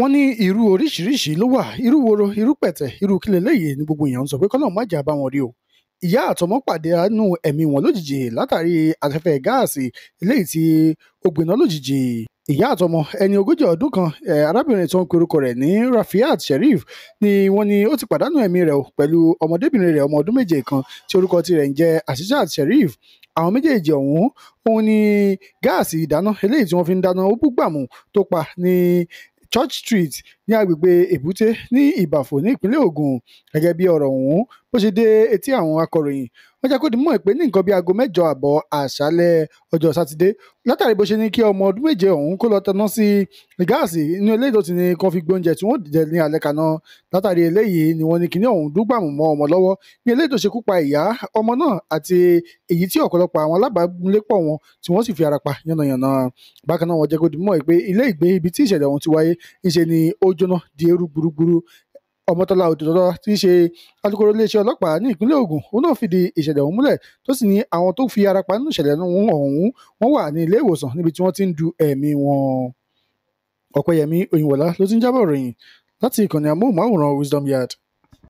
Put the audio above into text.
wọ́n ní irú oríṣiríṣi ló wà irú woro irú pẹ̀tẹ̀ irú kílẹ̀ lẹ́yìn ní gbogbo èèyàn ń sọ pé kọ́nà má jà bá wọn rí o ìyá àtọmọ pàdé àánú ẹ̀mí wọn lójijì látàrí afẹ́fẹ́ gáàsì eléyìí tí ó gbiná lójijì ìyá àtọmọ ẹni ogójì ọdún kan arábìnrin tó ń pe orúkọ rẹ̀ ní Rafiat Sheriff ni wọ́n ní ó ti pàdánù ẹ̀mí rẹ̀ pẹ̀lú ọmọdébìnrin rẹ̀ ọmọ ọdún méje kan tí orúkọ tirẹ̀ ń jẹ́ Asisat Sheriff àwọn méjèèjì ọ̀hún òun ni gáàsì ìdáná eléyìí tí wọ́n fi ń dáná ó búgbàmù tó pa ní Church Street ní agbègbè èbúté ní ìbàfò ní ìpínlẹ̀ Ògùn gẹ́gẹ́ bí ọ̀rọ̀ ọ̀hún bó ṣe dé etí àwọn akọ̀ròyìn wọ́n jẹ́ kó di mọ̀ pé ní nǹkan bíi aago mẹ́jọ àbọ̀ àṣálẹ́ ọjọ́ sátidé látàrí bó ṣe ní kí ọmọ ọdún méje ọ̀hún kó lọ tanná sí gáàsì inú ilé ìdọ̀tí ni kan fi gbóúnjẹ tí wọ́n dìde ní alẹ́ kaná látàrí eléyìí ni wọ́n ní kíní ọ̀hún dúgbàmù mọ́ ọmọ lọ́wọ́ ní ilé ìdọ̀tí kú pa ìyá ọmọ náà àti èyí tí ọ̀pọ̀lọpọ̀ àwọn alábàámúlépọ̀ wọn tí wọ́n sì fi ara pa yánnayànna bákan náà wọ́n jẹ́ kó jóná di eérú gburugburu ọmọtọ́lá òdòdó tí í ṣe alukoro iléeṣẹ́ ọlọ́pàá ní ìpínlẹ̀ Ògùn òun náà fìdí ìṣẹ̀lẹ̀ ọ̀hún múlẹ̀ tó sì ní àwọn tó fi ara pa nínú ìṣẹ̀lẹ̀ ọ̀hún wọ́n wà ní ilé ìwòsàn níbi tí wọ́n ti ń du ẹ̀mí wọn ọ̀pẹ̀yẹmí òyìnbọ̀lá ló ti ń jábọ̀ ròyìn láti ìkànnì amóhùnmáwòrán Wisdom Yard.